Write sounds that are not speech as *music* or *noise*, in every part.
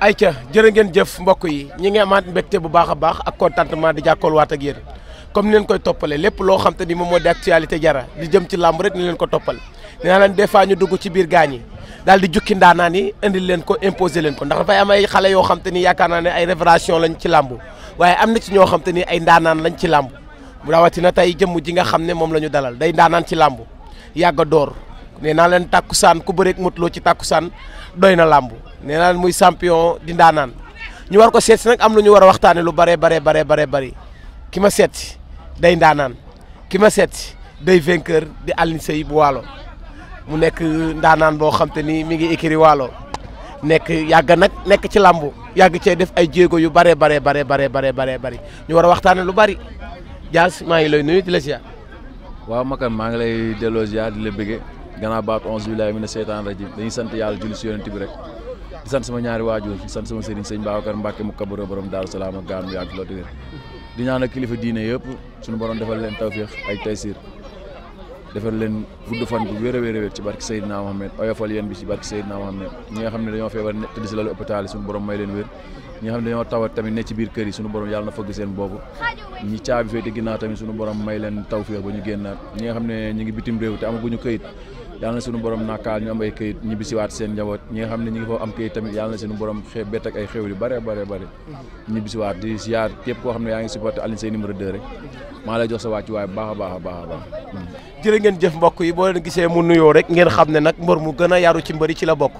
ay ayca jërë ngeen jëf mbokk yi ñi ngi amaat mbégte bu baax a baax ak contentement di jàkkool waat ak yéen comme ni leen koy toppale lépp loo xam te ni moom moo di actualité jara di jëm ci làmb rek ni leen ko toppal dinaa leen des ñu dugg ci biir gaañ yi daal di jukki ndaanaan yi indil leen ko imposer leen ko ndax dafay am ay xale yoo xam te ni yaakaar naa ne ay révélation lañ ci làmb waaye am na ci ñoo xam te ni ay ndaanaan lañu ci làmb rawatina tey jëmm ji nga xam ne moom la ñu dalal day ndaanaan ci làmb yàgg door nee naa leen tàkkusaan ku bëreek motloo ci tàkkusaan doy na làmb nee naa muy champion di ndaanaan ñu war ko seet si nag am lu ñu war a waxtaanee lu bare bare bare bare bëri ki ma seet day ndaanaan ki ma seet si day vainqueur di Alioune Seye bu Waalo mu nekk ndaanaan boo xam te ni mi ngi écri Waalo nekk yàgg nag nekk ci làmb yàgg cee def ay jéego yu bare bare bare bare bare bare bëri ñu war a waxtaanee lu bëri Dias maa ngi lay nuyu di la ziar. waaw Makan maa ngi lay delloo ziar di la bëggee. gannaaw baatu onze billahi mina seytaan rajim dañuy sant yàlla julli si yonent bi rek di sant sama ñaari waajur di sant sama sëriñ sëñ Babacar Mbacke mu kabaro borom Daaru Salaam ak gaanu yàgg loo dëgër di ñaan yëpp suñu borom defal leen tawfiix ay taysir defal leen gudd fan bu wér a wér a wér ci barke Seydina Mohamed oyofal yéen bi nga xam ne dañoo feebar tëdd si lalu hôpital yi suñu borom may leen wér ñi nga xam ne dañoo tawat tamit ne ci biir kër yi suñu borom yàlla na fëgg seen boobu ñi caabi féete ginnaaw tamit suñu borom may leen tawfiix ba ñu génnaat ñi nga xam ne ñu ngi bitim réew te amaguñu këyit yàlla na suñu borom nakaal ñu am ay këyit ñibbi siwaat seen njaboot ñi nga xam ne ñi ngi foofu am këyit tamit yàlla na suñu borom xe bett ak ay xew yu bare bare bare mm-hmm. ñibbi siwaat di siyaar képp koo xam ne yaa ngi si supporté Alioune Seye numéro 2 rek mm-hmm. maa lay jox sa wàccu waay baax a baax a baax a baax jërë ngeen jëf mbokk yi boo leen gisee mu nuyoo rek ngeen xam ne nag mbor mu gën a yaru ci mbëri ci la bokk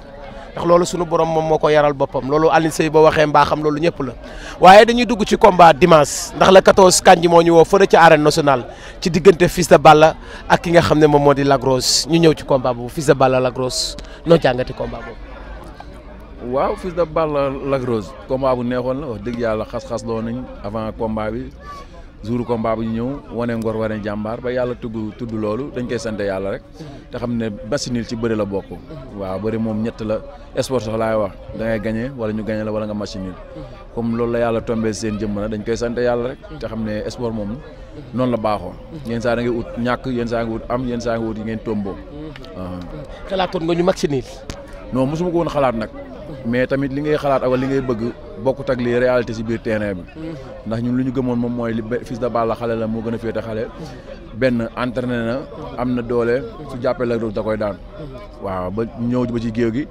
ndax loolu suñu borom moom moo ko yaral boppam loolu Alioune Seye boo waxee mbaaxam loolu ñëpp la waaye dañuy dugg ci combat dimanche ndax la 14 kanji moo ñu woo fële ca arène nationale ci diggante Fils de Balla ak ki nga xam ne moom moo di Lac Rose ñu ñëw ci combat boobu Fils de Balla Lac Rose noo jàngati combat boobu. waaw Fils de Balla Lac Rose combat bu neexoon la wax dëgg yàlla xas-xas loo nañ avant combat bi. jour combat bu ñu ñëw wane ngor wane jàmbaar ba yàlla tudd tudd loolu dañ koy sant yàlla rek te xam ne basinil ci bëri la bokk waaw bëri moom ñett la sport sax laay wax da ngay gagné wala ñu gagné la wala nga machinil comme loolu la yàlla tombé seen jëmm na dañ koy sant yàlla rek te xam ne sport moom noonu la baaxoo yenn saa da ngay ut ñàkk yenn saa nga ut am yenn saa nga ut yi ngeen tomboo xalaatoon nga ñu machinil non mosuma ko woon xalaat nag bokkut ak li réalité si biir terrain bi. Mhm. ndax ñun lu ñu gëmoon moom mooy li fils de Balla xale la moo gën a féete xale. benn entraîné na mhm. am na doole su mhm. jàppee la da koy daan. waaw ba ñëw ba ci géew gi.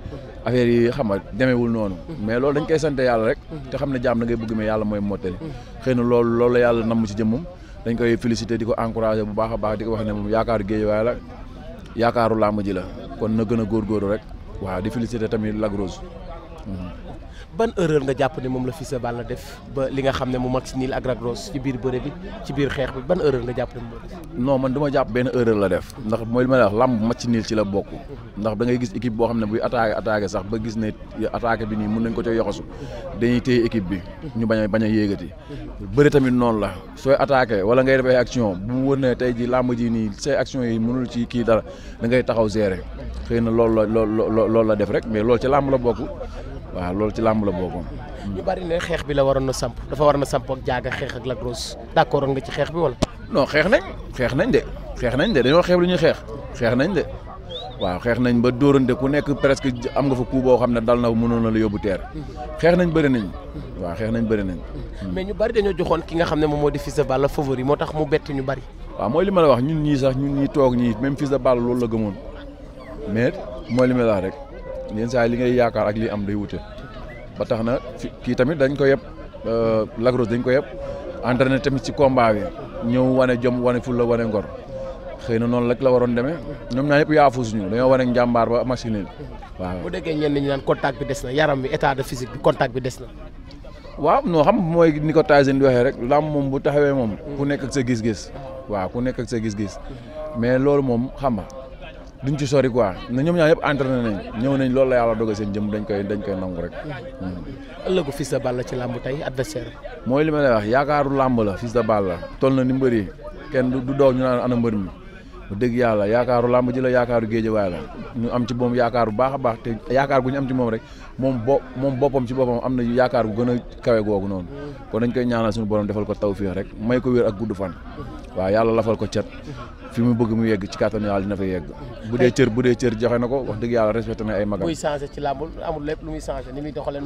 affaire yi xam nga demeewul noonu. mais loolu dañ koy sant yàlla rek. te xam ne jaam na ngay bëgg mais yàlla mooy mottali. xëy na loolu loolu la yàlla namm ci jëmmum dañ koy féliciter di ko encourager bu baax a baax di ko wax ne moom yaakaaru géey waaye la yaakaaru làmb ji la kon na gën a góorgóorlu rek waaw di féliciter tamit Lac ban erreur nga jàpp ne moom la Fils de Balla def ba li nga xam ne mu mag si niil ak Lac ci biir bëre bi ci biir xeex bi ban erreur nga jàpp ne moom man du ma jàpp benn la def ndax mooy li ma la wax làmb mag la bokk ndax da ngay gis équipe boo xam ne buy attaqué attaqué sax ba gis ne attaqué bi nii mën nañ ko ca yoxasu dañuy téye équipe bi ñu bañ a bañ a yéegati bëri tamit noonu la sooy attaqué wala ngay def ay action bu mu wër ne tey ji làmb ji nii say action yi mënul ci kii dara da ngay taxaw gérer xëy na lool la loolu la def rek mais loolu ci làmb la bokk waaw loolu ci làmb la bokkoon. ñu bari ne xeex bi la waroon na samp dafa waroon na samp ak jaaga xeex ak la grosse d'accord nga ci xeex bi wala. noo xeex nañ xeex nañ de xeex nañ de dañoo xeex lu ñuy xeex xeex nañ de waaw xeex nañ ba dóorante ku nekk presque am nga fa coup boo xam ne dal na mënoon na la yóbbu teer xeex nañ bëri nañ waaw xeex nañ bëri nañ hmm. mais ñu bari dañoo joxoon ki nga xam ne moom moo di Fils de Balla favori moo tax mu bett ñu bari waaw mooy la wax ñun ñii sax ñun ñii toog ñii même Fils de loolu la gëmoon mais mooy li ma la rek yenn saa li ngay yaakaar ak li am day wute ba tax na kii tamit dañ ko yëpp euh, Lac Rose dañ ko yëpp entraîné tamit ci combat bi ñëw wane jom wane fulla wane ngor xëy na noonu rek la waroon demee ñoom ñaa yëpp yaafu suñu dañoo wane njàmbaar ba machine waaw bu déggee ñenn ñi naan contact bi des na yaram bi état de physique bi contact bi des na. waaw noo xam mooy ni ko Tyson di waxee rek lam moom bu taxawee moom. ku nekk ak sa gis-gis. Ah. waaw ku nekk ak sa gis-gis. mais loolu moom xam nga duñ ci sori quoi na ñoom ñaar yëpp entraîné nañ ñëw nañ loolu la yàlla dogal seen jëm dañ koy dañ koy nangu rek. Hmm. ëllëgu Fils de Balla ci làmb tey adversaire mooy li ma lay wax yaakaaru làmb la Fils de la toll na ni mbëri kenn du doo ñu naan ana mbër mi. bu dëgg yàlla yaakaaru làmb ji la yaakaaru géejawaay la ñu am ci moom yaakaar bu baax a te yaakaar gu ñu am ci moom rek moom bo moom boppam ci boppam am na yaakaar gu gën a kawe googu noonu kon dañ koy ñaanal suñu borom defal ko taw fii rek may ko wér ak gudd fan waaw yàlla lafal ko cet fi mu bëgg mu yegg ci kàttan yàlla dina fa yegg bu dee cër bu dee cër joxe na ko wax dëgg yàlla respecté na ay magam muy changé lépp lu muy changé ni muy doxalee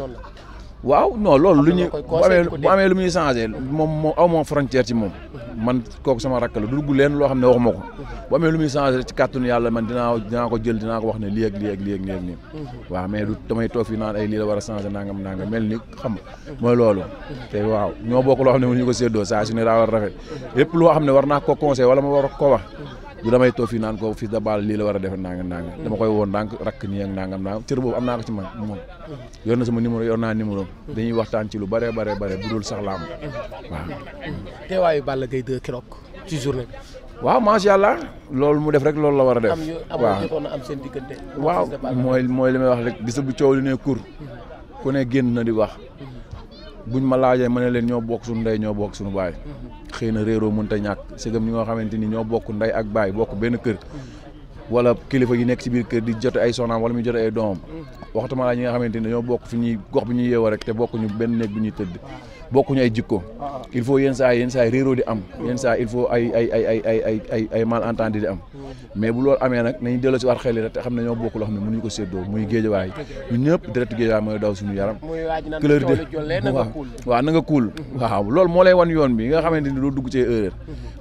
waaw non loolu lu ñu bu amee lu muy changé moom moo aw ma moom man kooku sama rakk la dugg leen loo xam ne wax ma ko bu amee lu muy changé ci kàttanu yàlla man dinaa dinaa ko jël dinaa ko wax ne li ak lii ak lii ak lii ak nii waaw mais du damay toog fii naan ay lii la war a changé nangam nangam mel ni xam mooy loolu te waaw ñoo bokk loo xam ne mënuñu ko séddoo saa su ne daa war a rafet lépp loo xam ne war naa ko conseil wala ma war ko wax du damay toog fii naan ko fils de Balla lii la war a defe nangam nangam dama koy woon ndànk rakk nii ak nangam nangam cër boobu am naa ko ci man moom na sama numéro yor naa dañuy waxtaan ci lu bare bare bare bu dul sax laam waaw teewaayu Balla ci journée waaw macha allah loolu mu def rek loolu la war a def waaw mooy mooy li may wax rek gis bu coow li ne kur ku ne génn na di wax mm-hmm. buñ ma laajee ma ne leen ñoo bokk suñu ndey ñoo bokk suñu baay mm-hmm. xëy na réeroo mënta ñàkk sëgam ñi nga xamante ni ñoo bokk nday ak baay bokk benn kër wala kilifa yi nekk ci biir kër di jot ay soxnaam wala muy jote ay doomam waxtuma ñi nga xamante ni dañoo bokk fi ñuy gox bi ñuy yeewoo rek te bokk ñu benn néeg bi ñuy tëdd bokkuñu ay jikko ah. il faut yenn saa yenn saa réeroo di am yenn saa il faut ay ay ay ay ay ay ay ay malentendu di am mais bu loolu amee nag nañu delloo si waat xel yi rek te xam ne ñoo bokk loo xam ne mënuñu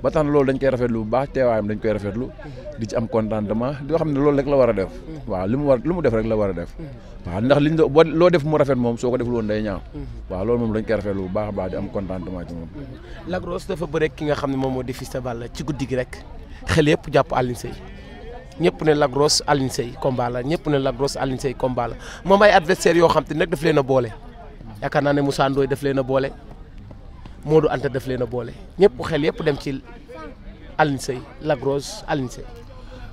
ba tax na loolu dañ koy rafetlu bu baax teewaayam dañ koy rafetlu di ci am contentement di xam ne loolu rek la war a mu def rek la war a def waaw ndax loo def mu rafet moom soo ko deful woon day ñaaw mm-hmm. waaw loolu moom dañ koy rafetlu bu baax baax a baax di am contentement ci moom. Mm-hmm. Lac dafa bëre ki nga xam ne moom moo di Fils de Balla ci guddi gi rek xel yépp jàpp Alioune Seye ñëpp ne Lac Rose Alioune ñëpp ne Lac Rose Alioune Seye combat la moom ay yoo xam te nag daf leen a boole yaakaar naa ne mu saandooy daf leen a boole du Anta daf leen a boole ñëpp xel yëpp dem ci Alioune Seye Lac Rose Alioune Seye.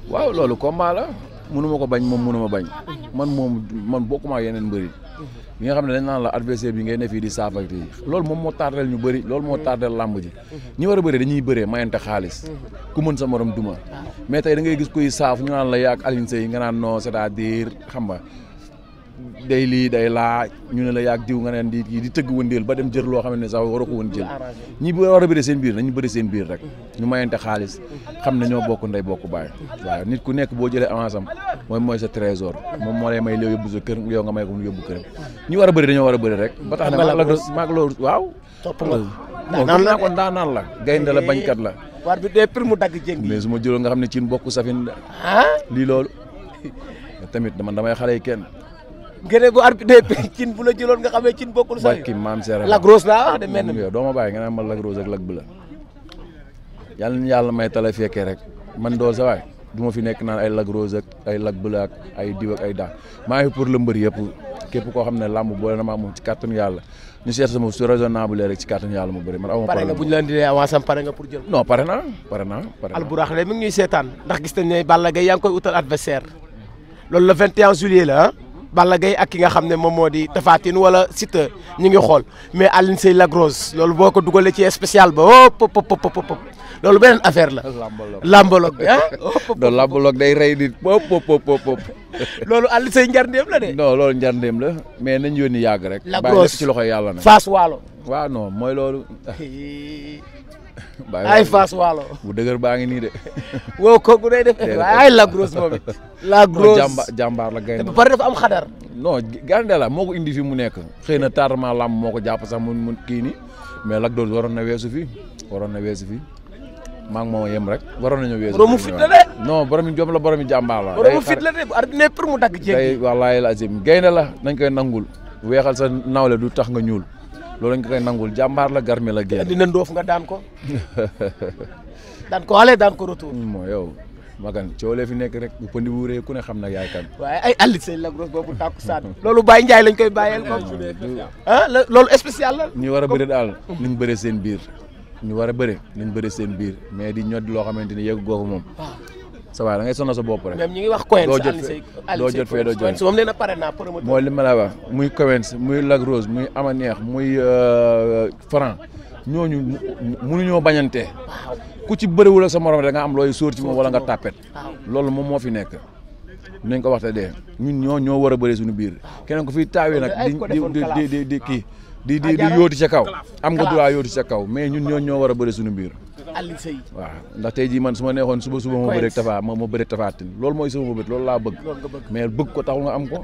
waaw loolu combat la ko bañ moom mënu ma bañ man moom man bokkuma yeneen mbëri bi nga xam ne dañ naan la adversaire bi ngay ne fii di saafak yi loolu moom moo tardel ñu bëri loolu moo tardel làmb ji ñi war a bëri dañuy bëree mayante xaalis ku mën sa morom duma mais tey da ngay gis kuy saaf ñu naan la yaak Alioune Seye nga naan noo c'est-à-dire xam nga day lii day laa ñu ne la yàgg diw nga neen di di tëgg wëndeel ba dem jër loo xam ne sax war a ko woon jël ñi war a bëri seen biir nañu bëri seen biir rek ñu mayante xaalis xam ne ñoo bokk ndey bokk baay nit ku nekk boo jëlee avance am mooy mooy sa trésor moom moo lay may léew yóbbu sa kër yow nga may ko yóbbu këram ñu war a bëri dañoo a bëri rek ba tax na maag loolu waaw la kon daa naan la gaynde la bañkat la war bi dee pour mu dagg jéng mais su ma jëloo nga xam ne ci bokk safin ah? lii loolu *laughs* tamit dama damay xale yi kenn gëne bu la jëloon nga xamee cin bokkul sa barki maam seera Lac Rose laa wax de mel na doo ma bàyyi nga naan ma Lac Rose ak Lac Bleu yàlla na may tala fekkee rek man doo sa waay du ma fi nekk naan ay Lac Rose ak ay Lac Bleu ak ay diw ak ay daa maa ngi pour le mbër yëpp képp koo xam ne làmb boole na maa moom ci kàttanu yàlla ñu seet sama su raisonnable rek ci kàttanu yàlla mu bëri man aw pare la indilee avance am pare nga pour pare naa alburax le mi ngi seetaan ndax gis nañ ne Balla Gaye yaa ngi la ah. Balla Gaye ak ki nga xam ne moom moo di Tapha Tine wala Siteu ñu ngi xool mais Alioune Seye Lac Rose loolu boo ko dugalee ci spécial ba oh pop pop pop loolu beneen affaire la. lambaloog bi ah. non lambaloog day rey nit pop pop loolu Alioune Seye njarndeem la de. non loolu njarndeem la mais nañ yónni yàgg rek. Lac Rose ci loxo yàlla na. Fass Waalo. waaw non ay Fass Waalo bu dëgër baa ngi nii de. wow kooku day def waaye ay la grosse moom it. la jàmbaar la gaynde ba pare dafa am xadar. non gaynde moo ko indi fi mu nekk xëy na tardement lam moo ko jàpp sax mu mu kii nii mais Lac 2 waroon na weesu fii waroon na weesu fii maa ngi moo yem rek waroon nañu weesu. mu fit la de. non borom jom la borom jàmbaar la. boromu fit la de bu àddina pour mu dagg jéeg. day wallaahi la azim gaynde la nañ koy nangul weexal sa nawle du tax nga ñuul. loolu lañ ko koy nangul jàmbaar la garmi la génn. dina ndóof nga daan ko. daan ko ale daan ko retour. Mm, mooy yow magan coolee fi nekk rek bu pëndi bu rëy ku ne xam na yaay kan. waaye ay àll la gros boobu tàkku loolu Baye Ndiaye lañ koy bàyyeel ko. ah loolu spécial la. ñu war a bëri daal nañ bëri seen biir. ñu war a bëri nañ bëri seen biir mais di ñod loo xamante ni yegg googu moom. Ah. sa waay da ngay sonal sa bopp rek. même ñi ngi wax Coen sa Aliou Seye doo jot fee doo jot fee moom nee na pare naa promoteur. mooy li ma la wax muy Coen muy Lac Rose muy Amaneex muy euh, Franc ñooñu mënuñoo bañante. ku ci bëriwul ak sa morom da am looy sóor moom wala nga tàppet. loolu moom moo fi nekk. nañ ko waxte dee ñun ñoo ñoo war a bëree suñu biir kenn ko fi taawee nag di di di di kii di di ah, di yóoti ca kaw am nga droit yóoti ca kaw mais ñun ñoo ñoo war a bëree suñu biir Alioune Seye waaw ndax tey jii man su ma neexoon suba suba ma bëreeg Tapha ma ma bëreeg Tapha Tine loolu mooy sama bëgg mais bëgg ko taxul nga am ko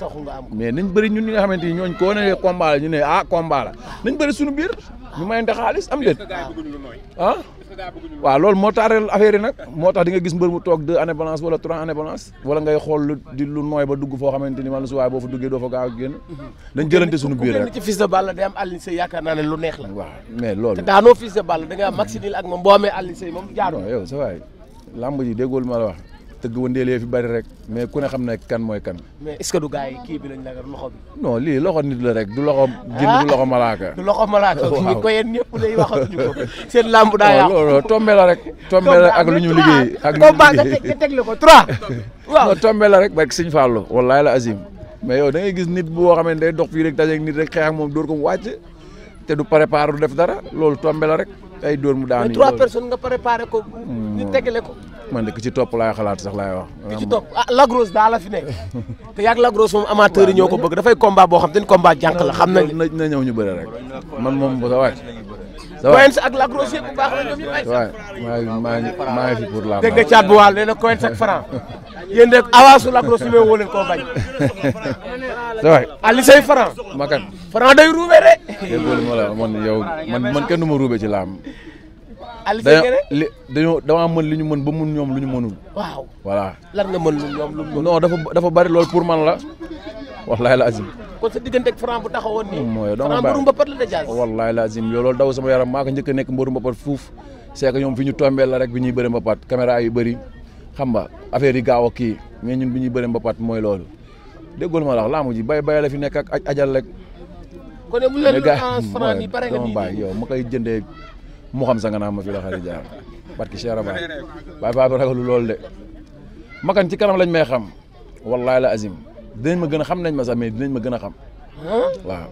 mais nañ bëri ñun ñi nga xamante ni ñooñ koo ne combat la ñu ne ah combat la nañ ñu mayante xaalis am déet ah waaw loolu moo taareel affaire yi nag moo tax di nga gis mbër mu toog deux années balance wala trois années balance wala ngay xool lu di lu nooy ba dugg foo xamante ni man su waaye boo fa duggee doo fa gaaw a génn mhm. dañ jëlante suñu biir rek ci fils de balle day yaakaar naa ne lu neex la waaw mais loolu te daanoo fils de balle da nga am maxinil ak moom boo amee Alioune Seye moom jaaroo yow sa waay lamb ji déggool ma la wax tëgg wëndeelee fi bari rek mais ku ne xam ne kan mooy kan. mais est-ce que du gars yi kii bi lañ la loxo bi. non lii loxo nit la rek du loxo. jinn du loxo malaaka. Ah, du loxo malaaka ñi ko yéen ñëpp day waxatuñu ko seen làmb daa yàqu. loolu tombé la rek. tombé la ak lu ñu liggéey ak lu ñu liggéey nga teg la ko trois. waaw non tombé la rek barke Sëñ Fallu wallaay la azim mais yow da ngay gis nit boo xam ne day dox fii rek dajeeg nit rek xeex ak moom dóor ko mu wàcc te du préparé du def dara loolu tombé la rek ay dóor mu daanu. mais trois personnes nga préparé ko. Hmm. ñu tegale ko. man de ki ci topp laay xalaat sax laay wax. ki ci topp ah Lagros daa la fi nekk. te yàgg Lagros moom amateur yi ñoo ko bëgg dafay combat boo xam te ni combat jànq la nañ. na ñëw ñu bëre rek man moom ba sa waaj. ça bu baax la ñoom ñu la. dégg nga caat bu waal nee na Coins ak Franc yéen de avance Lagros su ma woo leen koo bañ. ça va Ali Seye Franc. ma kat Franc day de. dégg nga la man man man kenn du ma ruube ci laam. li dañoo damaa mën li ñu mën ba mun ñoom lu ñu mënul. waaw voilà lan nga mën lu ñoom lu dafa bari loolu pour man la wallahi la azim. kon sa diggante ak bu taxawoon nii. mooy dama bàyyi franc mbëru mbapat la déjà. wallahi daw sama yaram maa ko njëkk a nekk mbëru mbapat fuuf c'est ñoom fi ñu tombé la rek bi ñuy bëri mbapat caméra yu bëri xam nga affaire yi gaaw a kii mais ñun bi ñuy bëri mbapat mooy loolu déggul ma la wax laamu ji bay bay la fi nekk ak ajal rek. kon yow mu leen lu France ma kay jëndee mu xam sanga naa ma fii la xari jaar barki Cheikh Rabaay Baay Faal du ragalu loolu de makan ci la lañ may xam wallahi la azim dinañ ma gën a xam nañ ma sax mais dinañ ma gën a xam waaw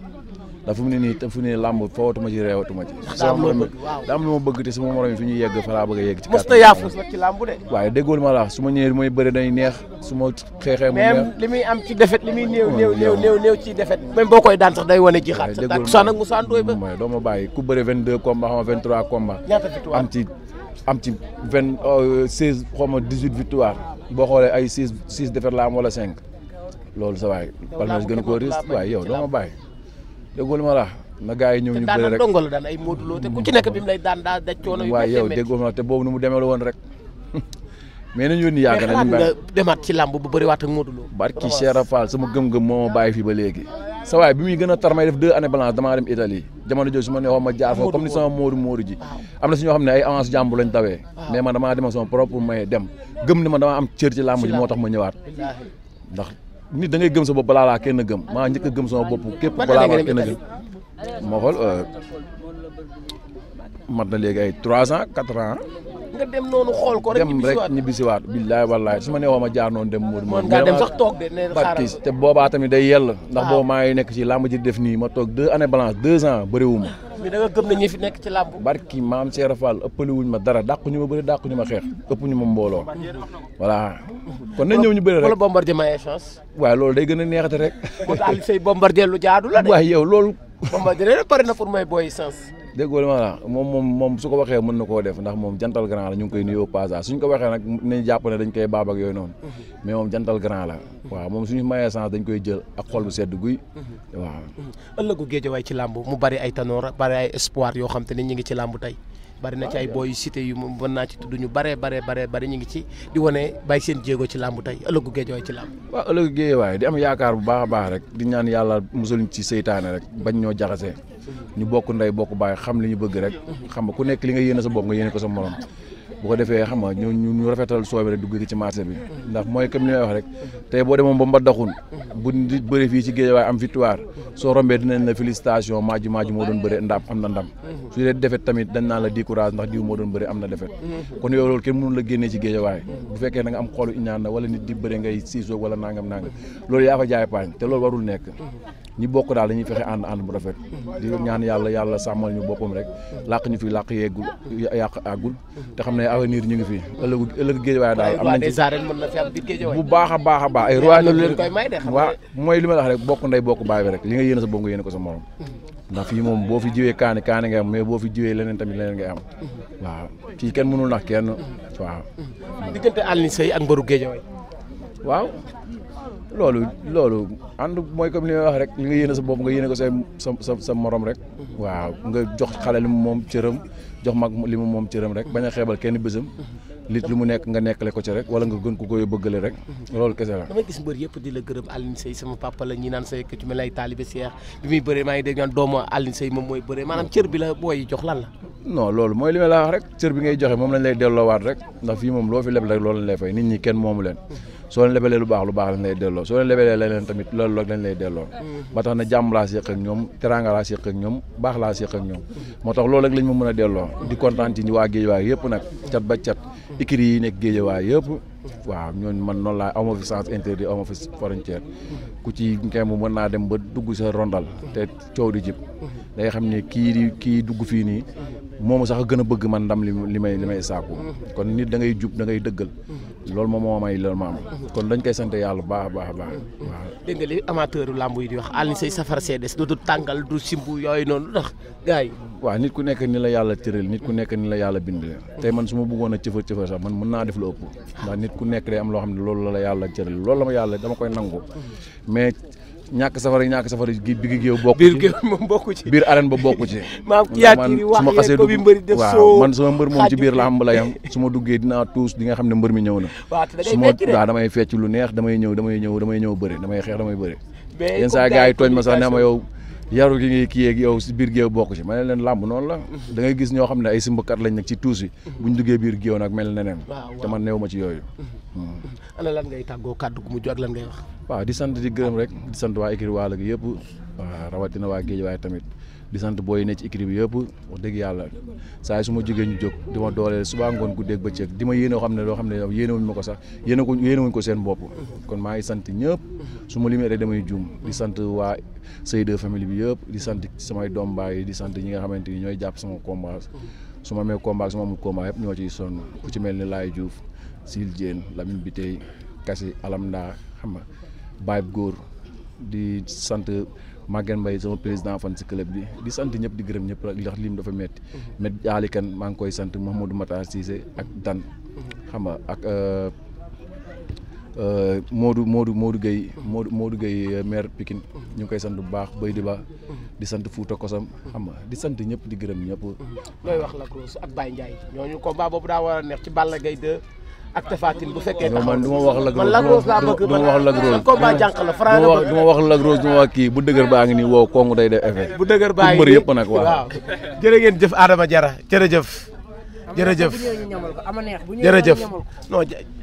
dafa mu ne nii te fu ne làmb fawatuma ci reewatuma ci sama morom da am lu ma bëgg te sama morom yi fi ñuy yegg fa laa bëgg a yegg ci mos na yaafus nag ci làmb de waaye déggoolu ma la su ma ñëwee mooy bëri day neex su ma xeexee mu neex li muy am ci defet li muy néew néew néew néew néew ci defet même boo koy daan sax day wane ji xaat sa nag Moussa Ndoye ba doo ma bàyyi ku bëri 22 combat xam 23 combat am ci am ci vingt euh, seize xaw ma dix huit victoire boo xoolee ay six six défaites la am wala loolu sa waay palmarès gën a koo risque waaye yow ma bàyyi de ma la na gars yi ñëw ñu bëri rek te daan daan ay Modou Lo te ku ci nekk bi mu lay boobu nu mu demee la woon rek *laughs* mais nañu yónni yàgg na nga demaat ci làmb bu bëri waat ak Modou Lo barki a Rafal sama gëm-gëm moo ma bàyyi fii ba léegi sa waay bi muy gën a tar may def deux années balance damaa dem Italie jamono jooju su ma neexoon ma jaar foofu comme ni sama Modou Modou ji am na suñoo xam ne ay avance jàmbu lañ tawee mais man damaa dem sama propre may dem gëm ni ma damaa am cër ci làmb ji moo tax ma ñëwaat ndax nit da ngay gëm sa bopp balaa laa kenn gëm maa njëkk gëm sama bopp képp balaa laa kenn gëm moo xool euh, mat na léegi ay trois ans quatre ans. dem ko rek ñibbisiwaat dem rek ñibbisiwaat billaay su ma nee woo ma jaar noonu dem Modou Modou. nga dem sax toog de nee te boobaa tamit day yell. ndax boobu maa ngi nekk ci làmb ji def nii ma toog deux années balance deux ans bëriwuma bi da nga gëm ne fi nekk ci làmb barki maam Cheikh Fall ëppale wuñ ma dara dàqu ñu ma bëri dàqu ñu ma xeex ëpp ñu ma mbooloo voilà kon nañ ñëw ñu bëri rek wala bombardier maye chance waaye loolu day gën a neexate rek moo tax say bombardier lu jaadu la de waaye yow loolu bombardier rek pare na pour may booy chance déggoo li ma la moom moom moom su ko waxee mën na koo def ndax moom jantal grand la ñu ngi koy nuyu au passage suñ ko waxee nag nañ jàpp ne dañ koy baab ak yooyu noonu mhm. mais moom jantal grand la waaw moom suñu mayee chance dañ koy jël ak xol bu sedd guy mhm. waaw mhm. ëllëgu géejawaay ci làmb mu bari ay tanoor bari ay espoir yoo xam ne ñu ngi ci làmb tey bari na ay ah, booy cité yu moom naa ci tudd ñu bare bare bare bari ñu ngi ci di wane bàyyi ci làmb tey ëllëgu géejawaay ci làmb waaw ëllëgu géejawaay di am yaakaar bu baax a baax rek di ñaan yàlla musul ci seytaane rek bañ ñoo jaxase ñu bokk ndey bokk baay xam li ñu bëgg rek xam nga ku nekk li nga yéene sa bopp nga yéene ko sa morom bu ko defee xam nga ñu ñu rafetal soobe rek dugg ci marché bi ndax mooy comme li may wax rek tey boo demoon ba mba bu nit fii ci géejawaay am victoire soo rombee dinañ la félicitation maaju maaju moo doon bëri ndam na ndam su dee defet tamit dañ naa la décourage ndax diw moo doon bëri am na defet kon yow loolu kenn mënu la génnee ci géejawaay bu fekkee da nga am xoolu iñaan na wala nit di bëri ngay siisoog wala nangam nangam loolu yaa fa jaay paañ te loolu warul nekk ñi bokk daal dañuy fexe ànd ànd bu rafet di ñaan yàlla yàlla sàmmal ñu boppam rek làq ñu fi làq yeggul yàq àggul te xam ne niir ñu ngi fi ëllëgu ëllëgu géej waaye daal am nañ ci bu baax a baax a baax ay roi waaw mooy li ma wax rek bokk ndey bokk baay bi rek li na yéene sa bopp nga yéene ko sa moom ndax fii moom boo fi jiwee kaani kaani nga am mais boo fi jiwee leneen tamit leneen ngay am waaw fii kenn mënul nax kenn waaw diggante Alioune Seye ak mbaru Guédiawaye waaw loolu loolu ànd mooy comme li wax rek li nga yéene sa bopp nga yéene ko say sa sa sa morom rek. waaw nga jox xale li mu moom cëram jox mag li mu moom cëram rek bañ a xeebal kenn bésam. lit lu mu nekk nga nekkale ko ci rek wala nga gën ko koy bëggale rek. loolu kese la. damay gis mbër yëpp di la gërëm Alioune Seye sama papa la ñi naan say ku ci mel ay maa ngi dégg naan doomu Alioune mooy bëree maanaam cër bi la booy jox lan la. loolu mooy li ma la wax rek cër bi ngay joxe moom lañ lay delloowaat rek ndax fii moom loo fi leb rek loolu lañ lay fay nit ñi kenn moomu leen soo leen lebelee lu baax lu baax lañ lay delloo soo leen lebelee leneen tamit loolu rek lañ lay delloo ba mm-hmm. tax na jàmm laa séq ak ñoom teranga laa séq ak ñoom baax laa séq ak ñoom moo tax loolu ak lañ ma mën a delloo di kontaan ci waa géejawaay yëpp nag cat ba cat mm-hmm. ikiri yi nekk géejawaay yëpp waaw ñooñu man noonu laa aw ma fi sens interdit aw ma fi ci ngemb mën naa dem ba dugg sa rondal te coow di jib day xam ne kii di kii dugg fii nii moomu sax a gën a bëgg man ndam li li may li may saaku kon nit da ngay jub da ngay dëggal loolu moom moo may loolu ma kon dañ koy sant yàlla baax baax baax waaw dégg nga làmb yi di wax Alioune Seye safar see des du tàngal du simbu yooyu noonu tax gars yi waaw nit ku nekk ni la yàlla tëral nit ku nekk ni la yàlla bind tey man su ma bëggoon a cëfar cëfar sax man mën naa def la ëpp ndax nit ku nekk day am loo xam ne loolu la la yàlla cëral loolu la ma yàlla dama koy nangu mais ñàkk safara ñàkk safara gi bi géew bokk ci biir géew moom bokk ci biir arène ba bokk ci *laughs* maam yaakiri wax yee ko bi mbëri def soo man sama mbër di nga ne mbër mi ñëw na *laughs* su ma waaw damay fecc lu neex damay ñëw damay ñëw damay ñëw bëri damay xeex damay bëri yenn saa gars yi tooñ ma sax ne ma yow yaru gi ngay kii yeeg yow si biir géew bokk ci ma ne leen làmb noonu la da ngay gis ñoo xam ne ay simbakat lañ nag ci tuus bi buñ duggee biir géew nag mel neneen te man néew ma ci yooyu ana lan ngay tàggoo kàddu gu mujj ak lan ngay wax waaw di sant di gërëm rek di sant waa écurie Waalo gi yëpp waaw rawatina waa géej waaye tamit di sant booy ne ci équipe bi yëpp wax dëgg yàlla saa yi su ma jógee ñu jóg di ma dooleel subaa ngoon guddeeg bëccëg di ma yéene xam ne loo xam ne yéene wuñ ma ko sax yéene ko yéene ko seen bopp kon maa ngi sant ñëpp su ma limee rek damay juum di sant waa de famille bi yëpp di sant samay doom baay di sant ñi nga xamante ni ñooy jàpp sama combat su ma amee combat su ma amul combat yëpp ñoo ciy sonn ku ci mel ni Laay Diouf Sil Diène Lamine Bitey Kassi Alamda xam nga Baye Góor di Maguette Mbaye sama président fan si club bi di sant ñëpp di gërëm ñëpp rek ndax lim dafa metti met mhm. Aly Kane maa ngi koy sant Mouhamadou mhm. xam nga ak euh, euh, Modou Modou Modou Gueye mhm. Modou Modou Gueye euh, maire Pikine ñu koy sant bu baax bay di ba di sant Fouta Kosam xam nga di sant ñëpp di gërëm ñëpp. looy wax la Lac Rose ak Baye Ndiaye ñooñu combat boobu daa war a neex ci Balla Gaye 2 ak tafaatin bu fekkee taxaw man du ma wax Lac Rose man Lac Rose laa bëgg man wax Lac Rose combat jànq la Franc la du ma wax Lac Rose du bu dëgër baa ngi nii wow kongu day def effet bu dëgër baa ngi mbër yëpp nag waaw jërë ngeen jëf Adama Jara jërëjëf jërëjëf jërëjëf non